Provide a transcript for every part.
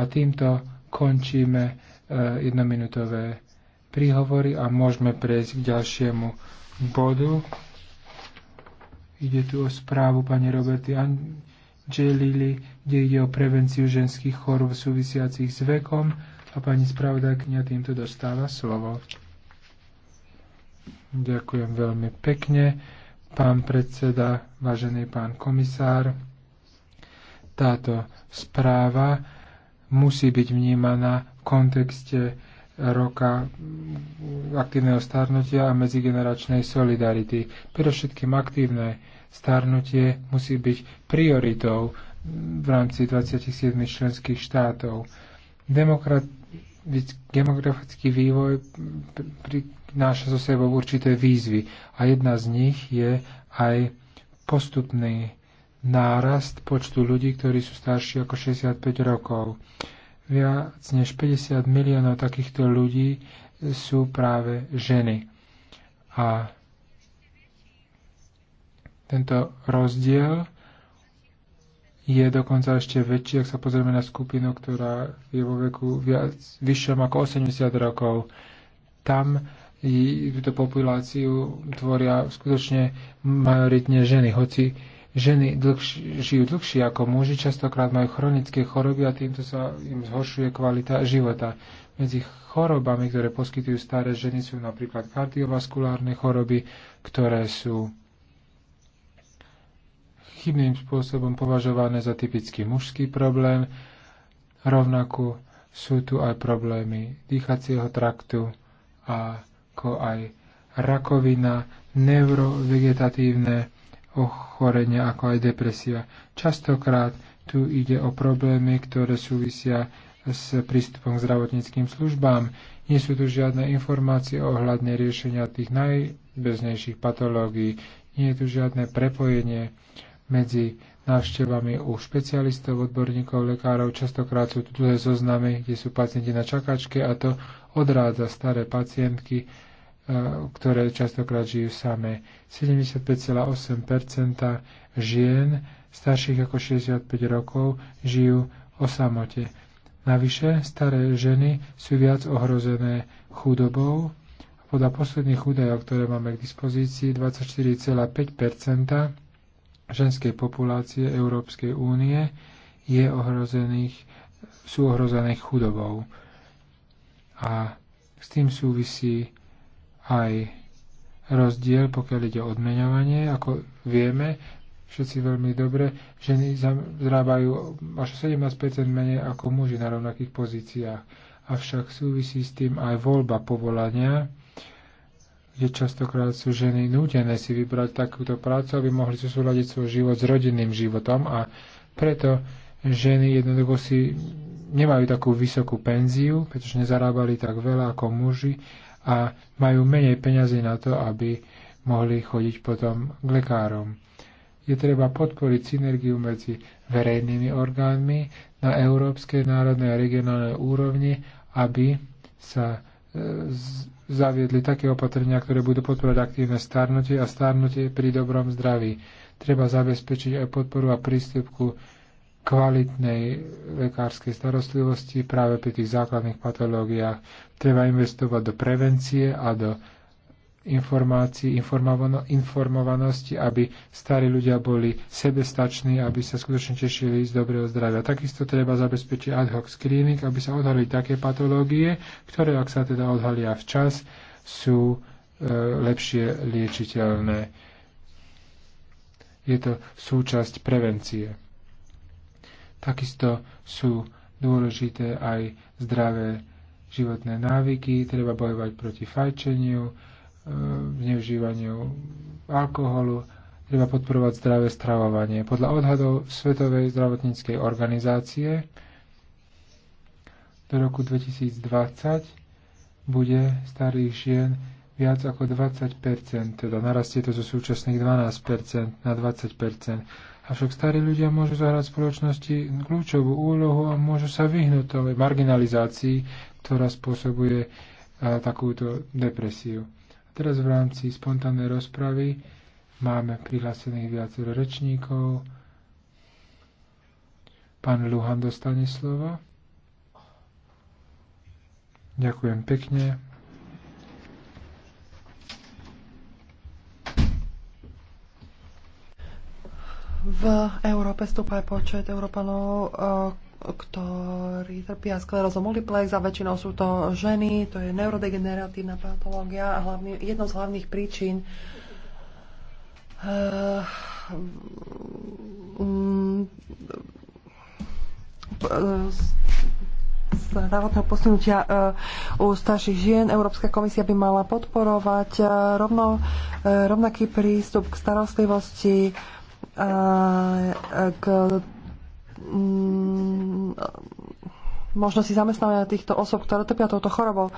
A týmto končíme e, jednominutové príhovory a môžeme prejsť k ďalšiemu bodu. Ide tu o správu pani Roberty Angelili, kde ide o prevenciu ženských chorôb súvisiacich s vekom a pani spravodajkňa týmto dostáva slovo. Ďakujem veľmi pekne, pán predseda, vážený pán komisár. Táto správa musí byť vnímaná v kontexte roka aktívneho starnutia a medzigeneračnej solidarity. Predovšetkým aktívne starnutie musí byť prioritou v rámci 27 členských štátov. demografický vývoj prináša so sebou určité výzvy a jedna z nich je aj postupný nárast počtu ľudí, ktorí sú starší ako 65 rokov. Viac než 50 miliónov takýchto ľudí sú práve ženy. A tento rozdiel je dokonca ešte väčší, ak sa pozrieme na skupinu, ktorá je vo veku viac, vyššom ako 80 rokov. Tam túto populáciu tvoria skutočne majoritne ženy, hoci ženy dlhš, žijú dlhšie ako muži, častokrát majú chronické choroby a týmto sa im zhoršuje kvalita života. Medzi chorobami, ktoré poskytujú staré ženy, sú napríklad kardiovaskulárne choroby, ktoré sú chybným spôsobom považované za typický mužský problém. Rovnako sú tu aj problémy dýchacieho traktu ako aj rakovina, neurovegetatívne ochorenia ako aj depresia. Častokrát tu ide o problémy, ktoré súvisia s prístupom k zdravotníckým službám. Nie sú tu žiadne informácie ohľadne riešenia tých najbeznejších patológií. Nie je tu žiadne prepojenie medzi návštevami u špecialistov, odborníkov, lekárov. Častokrát sú tu dlhé zoznamy, kde sú pacienti na čakačke a to odrádza staré pacientky E, ktoré častokrát žijú samé. 75,8 žien starších ako 65 rokov žijú o samote. Navyše, staré ženy sú viac ohrozené chudobou. Podľa posledných údajov, ktoré máme k dispozícii, 24,5 ženskej populácie Európskej únie je ohrozených, sú ohrozených chudobou. A s tým súvisí aj rozdiel, pokiaľ ide o odmeňovanie. Ako vieme, všetci veľmi dobre, ženy zarábajú až 17% menej ako muži na rovnakých pozíciách. Avšak súvisí s tým aj voľba povolania, kde častokrát sú ženy nútené si vybrať takúto prácu, aby mohli zosúľadiť svoj život s rodinným životom a preto ženy jednoducho si nemajú takú vysokú penziu, pretože nezarábali tak veľa ako muži a majú menej peňazí na to, aby mohli chodiť potom k lekárom. Je treba podporiť synergiu medzi verejnými orgánmi na európskej, národnej a regionálnej úrovni, aby sa e, zaviedli také opatrenia, ktoré budú podporovať aktívne starnutie a starnutie pri dobrom zdraví. Treba zabezpečiť aj podporu a prístup ku kvalitnej lekárskej starostlivosti práve pri tých základných patológiách. Treba investovať do prevencie a do informácií, informovanosti, aby starí ľudia boli sebestační, aby sa skutočne tešili z dobrého zdravia. Takisto treba zabezpečiť ad hoc screening, aby sa odhalili také patológie, ktoré, ak sa teda odhalia včas, sú e, lepšie liečiteľné. Je to súčasť prevencie. Takisto sú dôležité aj zdravé životné návyky, treba bojovať proti fajčeniu, e, zneužívaniu alkoholu, treba podporovať zdravé stravovanie. Podľa odhadov Svetovej zdravotníckej organizácie do roku 2020 bude starých žien viac ako 20%, teda narastie to zo súčasných 12% na 20%. Avšak starí ľudia môžu zahrať v spoločnosti kľúčovú úlohu a môžu sa vyhnúť tomu marginalizácii, ktorá spôsobuje a, e, takúto depresiu. A teraz v rámci spontánnej rozpravy máme prihlásených viacero rečníkov. Pán Luhan dostane slovo. Ďakujem pekne. V Európe stúpa aj počet Európanov, e, ktorí trpia sklerózou multiplex a väčšinou sú to ženy. To je neurodegeneratívna patológia a hlavne, jednou z hlavných príčin e, zdravotného posunutia e, u starších žien. Európska komisia by mala podporovať rovno, rovnaký prístup k starostlivosti Eh, k mm, možnosti zamestnávania týchto osob, ktoré trpia touto chorobou.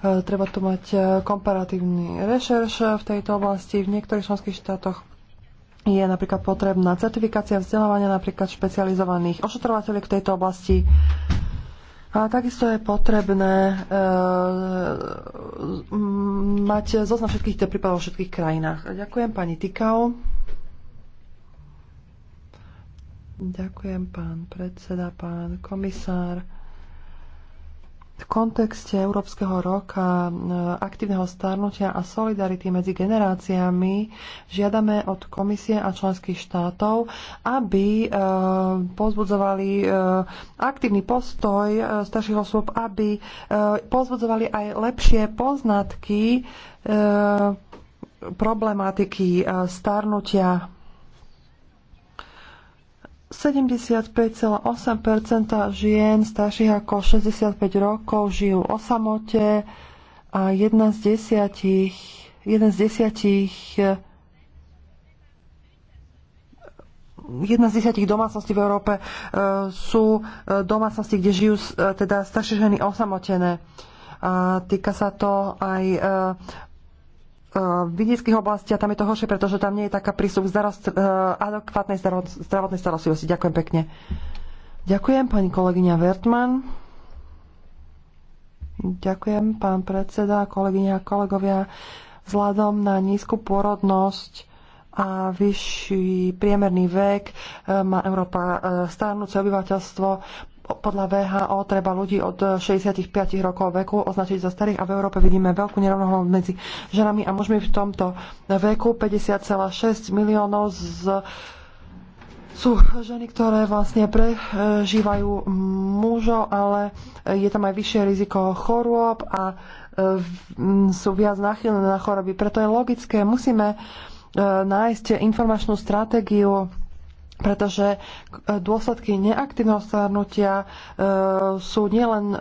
Eh, treba tu mať eh, komparatívny rešerš v tejto oblasti. V niektorých členských štátoch je napríklad potrebná certifikácia vzdelávania napríklad špecializovaných ošetrovateľov v tejto oblasti. A takisto je potrebné e, mať zoznam všetkých prípadov v všetkých krajinách. Ďakujem pani Tikau. Ďakujem, pán predseda, pán komisár. V kontexte Európskeho roka e, aktívneho starnutia a solidarity medzi generáciami žiadame od komisie a členských štátov, aby e, pozbudzovali e, aktívny postoj starších osôb, aby pozbudzovali aj lepšie poznatky problematiky starnutia 75,8 žien starších ako 65 rokov žijú o samote a jedna z desiatich, jeden z desiatich jedna z desiatich domácností v Európe e, sú e, domácnosti, kde žijú e, teda staršie ženy osamotené. A týka sa to aj e, vidieckých oblasti a tam je to horšie, pretože tam nie je taká prístup zdarost, starost, eh, adekvátnej zdravotnej starostlivosti. Ďakujem pekne. Ďakujem pani kolegyňa Vertman. Ďakujem pán predseda, kolegyňa a kolegovia. Vzhľadom na nízku pôrodnosť a vyšší priemerný vek eh, má Európa eh, starnúce obyvateľstvo podľa VHO treba ľudí od 65 rokov veku označiť za starých a v Európe vidíme veľkú nerovnohľadnosť medzi ženami a mužmi v tomto veku. 50,6 miliónov z sú ženy, ktoré vlastne prežívajú mužov, ale je tam aj vyššie riziko chorôb a e, sú viac nachylené na choroby. Preto je logické, musíme e, nájsť informačnú stratégiu pretože dôsledky neaktívneho starnutia e, sú nielen e, e,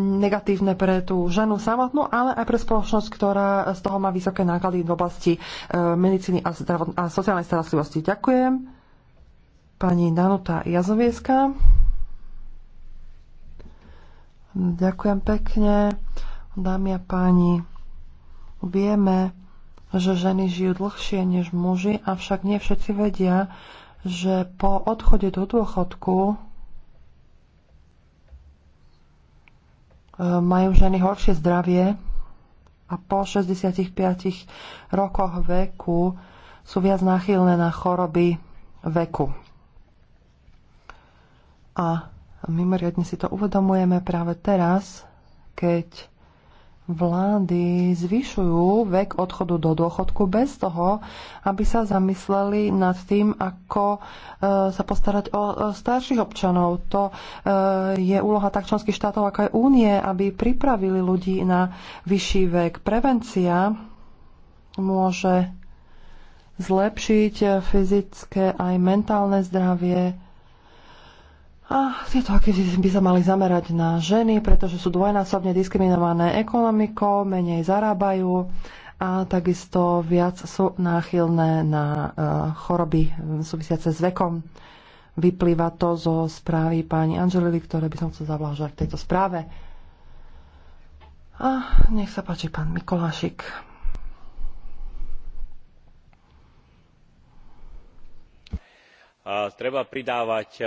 negatívne pre tú ženu samotnú, ale aj pre spoločnosť, ktorá z toho má vysoké náklady v oblasti medicíny a, zdravot- a sociálnej starostlivosti. Ďakujem. Pani Danuta Jazovieska. Ďakujem pekne. Dámy a páni, vieme, že ženy žijú dlhšie než muži, avšak nie všetci vedia, že po odchode do dôchodku e, majú ženy horšie zdravie a po 65 rokoch veku sú viac náchylné na choroby veku. A mimoriadne si to uvedomujeme práve teraz, keď vlády zvyšujú vek odchodu do dôchodku bez toho, aby sa zamysleli nad tým, ako e, sa postarať o e, starších občanov. To e, je úloha tak členských štátov, ako aj únie, aby pripravili ľudí na vyšší vek. Prevencia môže zlepšiť fyzické aj mentálne zdravie a tieto aktivity by sa mali zamerať na ženy, pretože sú dvojnásobne diskriminované ekonomikou, menej zarábajú a takisto viac sú náchylné na e, choroby súvisiace s vekom. Vyplýva to zo správy pani Angelily, ktoré by som chcel zavlážať k tejto správe. A nech sa páči pán Mikolášik. A treba pridávať e,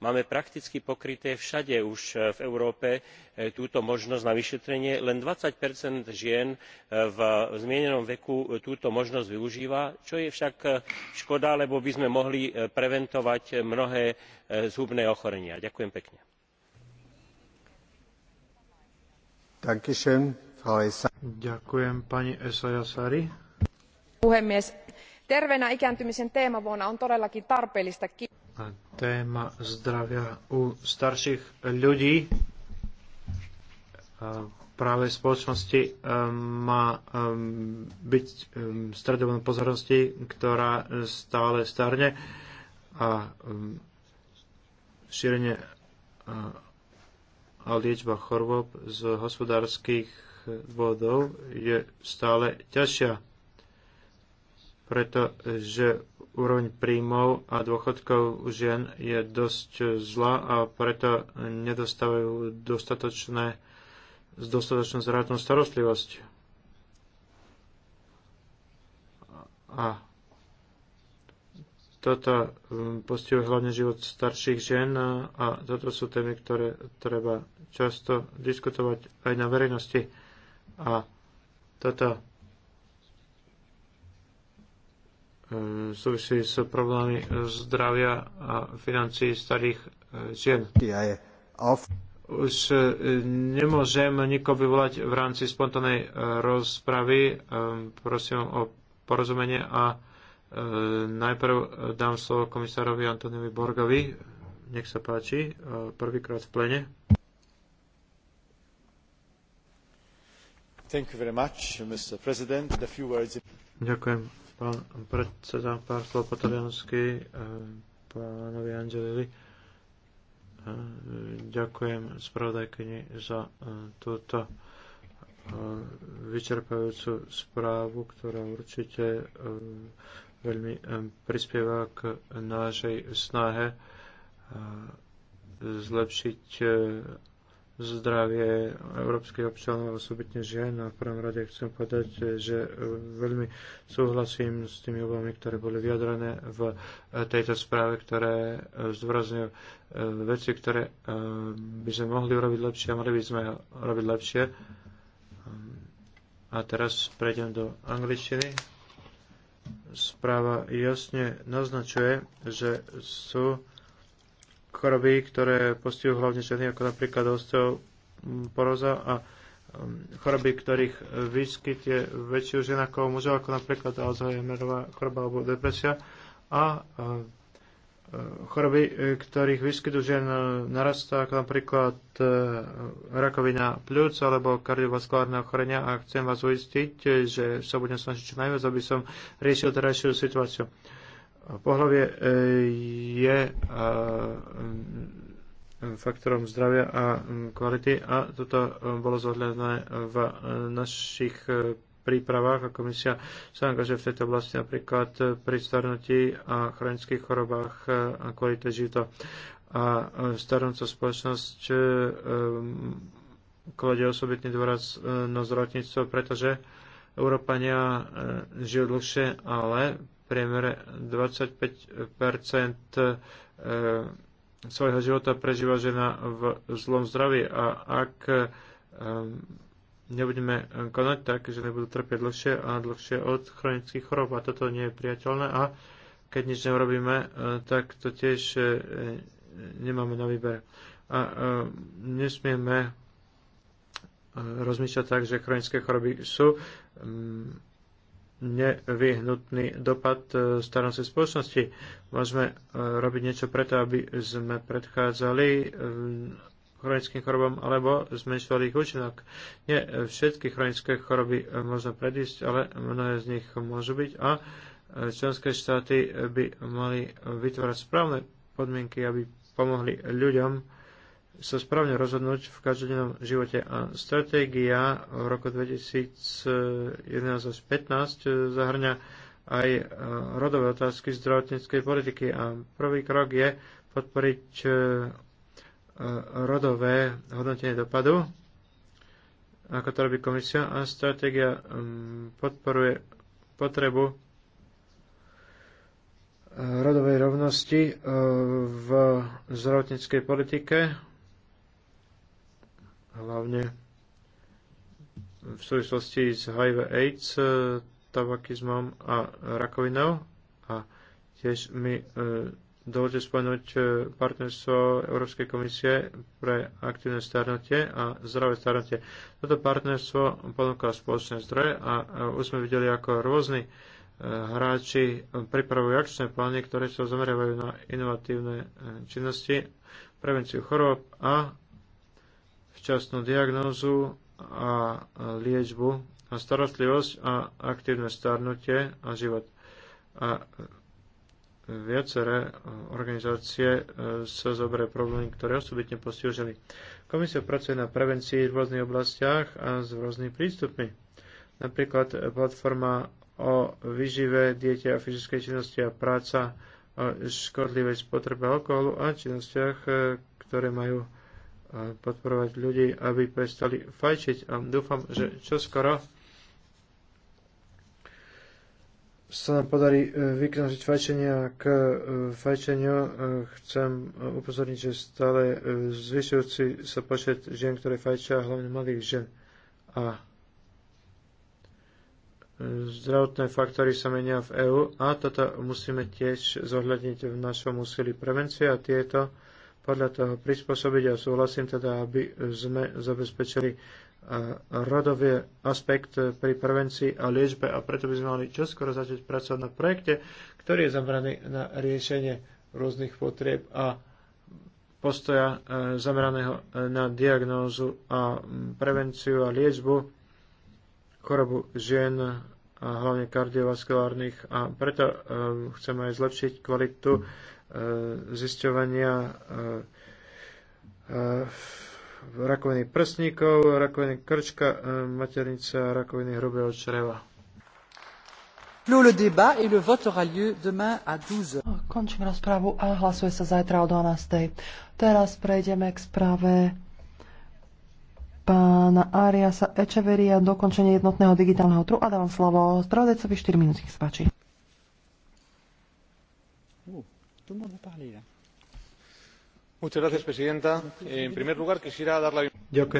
máme prakticky pokryté všade už e, v európe e, túto možnosť na vyšetrenie len twenty žien e, v zmienenom veku túto možnosť využíva čo je však škoda lebo by sme mohli preventovať mnohé zhubné ochorenia. ďakujem pekne. terveenä ikääntymisen teemavuonna on todellakin tarpeellista téma zdravia u starších ľudí práve spoločnosti e, má e, byť e, stredovanou pozornosti, ktorá stále starne a šírenie a liečba chorôb z hospodárskych vodov je stále ťažšia pretože úroveň príjmov a dôchodkov žien je dosť zlá a preto nedostávajú dostatočné, dostatočnú zdravotnú starostlivosť. A toto um, postihuje hlavne život starších žien a toto sú témy, ktoré treba často diskutovať aj na verejnosti. A toto Eh, súvisí s problémami zdravia a financií starých eh, žien. Už eh, nemôžem nikoho vyvolať v rámci spontánej rozpravy. Ehm, prosím o porozumenie a najprv dám slovo komisárovi Antonovi Borgovi. Nech sa páči, prvýkrát v plene. Thank you very much, Mr. President. A few words... Ďakujem Pán predseda, pár slov po taliansky, eh, pánovi Angelili. Eh, ďakujem spravodajkyni za eh, túto vyčerpajúcu správu, ktorá určite veľmi prispieva k našej snahe zlepšiť zdravie európskych občanov, osobitne žien. A v prvom rade chcem povedať, že e, veľmi súhlasím s tými obavami, ktoré boli vyjadrené v e, tejto správe, ktoré e, zdôrazňujú veci, ktoré by sme mohli urobiť lepšie a mali by sme robiť lepšie. A teraz prejdem do angličtiny. Správa jasne naznačuje, že sú choroby, ktoré postihujú hlavne ženy, ako napríklad osteoporóza a um, choroby, ktorých výskyt je väčší u žien ako u mužov, ako napríklad Alzheimerová choroba alebo depresia a um, e, choroby, ktorých výskyt u žien e, narastá, ako napríklad e, rakovina pľúc alebo kardiovaskulárne ochorenia a chcem vás uistiť, že sa budem snažiť čo najviac, aby som riešil terajšiu situáciu pohľavie e, je e, faktorom zdravia a kvality a toto e, bolo zohľadné v našich prípravách a komisia sa angažuje v tejto oblasti napríklad pri starnutí a chronických chorobách a kvalite života. A starnúca spoločnosť kladie osobitný dôraz na zdravotníctvo, pretože Európania žijú dlhšie, ale priemere 25 svojho života prežíva žena v zlom zdraví a ak e, nebudeme konať tak, že nebudú trpieť dlhšie a dlhšie od chronických chorób. a toto nie je priateľné a keď nič neurobíme, e, tak to tiež e, nemáme na výber. A nesmieme rozmýšľať tak, že chronické choroby sú nevyhnutný dopad e, starnúcej spoločnosti. Môžeme e, robiť niečo preto, aby sme predchádzali e, chronickým chorobám alebo zmenšovali ich účinok. Nie všetky chronické choroby môžeme predísť, ale mnohé z nich môžu byť a členské štáty by mali vytvárať správne podmienky, aby pomohli ľuďom sa správne rozhodnúť v každodennom živote. A stratégia v roku 2011 až 15 e, zahrňa aj e, rodové otázky zdravotníckej politiky. A prvý krok je podporiť e, rodové hodnotenie dopadu, ako to robí komisia. A stratégia podporuje potrebu rodovej rovnosti v zdravotníckej politike hlavne v súvislosti s HIV AIDS, eh, tabakizmom a rakovinou. A tiež mi e, dovolte spomenúť eh, partnerstvo Európskej komisie pre aktívne starnutie a zdravé starnutie. Toto partnerstvo ponúka spoločné zdroje a už sme videli, ako rôzni hráči pripravujú akčné plány, ktoré sa zameriavajú na inovatívne činnosti, prevenciu chorób a včasnú diagnózu a liečbu a starostlivosť a aktívne starnutie a život. A viaceré organizácie e, sa zoberie problémy, ktoré osobitne postižili. Komisia pracuje na prevencii v rôznych oblastiach a s rôznymi prístupmi. Napríklad platforma o vyžive dieťa a fyzickej činnosti a práca o škodlivej spotrebe alkoholu a činnostiach, e, ktoré majú podporovať ľudí, aby prestali fajčiť. A dúfam, že čoskoro sa nám podarí e, vyknožiť fajčenia k e, fajčeniu. E, chcem upozorniť, že stále zvyšujúci sa počet žien, ktoré fajčia, hlavne mladých žien. A zdravotné faktory sa menia v EÚ a toto musíme tiež zohľadniť v našom úsilí prevencie a tieto podľa toho prispôsobiť a súhlasím teda, aby sme zabezpečili rodový aspekt e, pri prevencii a liečbe a preto by sme mali čoskoro začať pracovať na projekte, ktorý je zameraný na riešenie rôznych potrieb a postoja e, zameraného e, na diagnózu a prevenciu a liečbu chorobu žien a hlavne kardiovaskulárnych a preto chceme aj zlepšiť kvalitu E, zisťovania e, e, rakoviny prsníkov, rakoviny krčka, maternica, rakoviny hrubého čreva. le le débat et vote aura lieu demain à 12h. Končím rozprávu a hlasuje sa zajtra o 12. Teraz prejdeme k správe pána Ariasa Echeveria, dokončenie jednotného digitálneho trhu a dávam slovo spravodajcovi 4 minúty, nech sa páči. señora presidenta en primer lugar quisiera dar la bienvenida a la ponente señora rodust.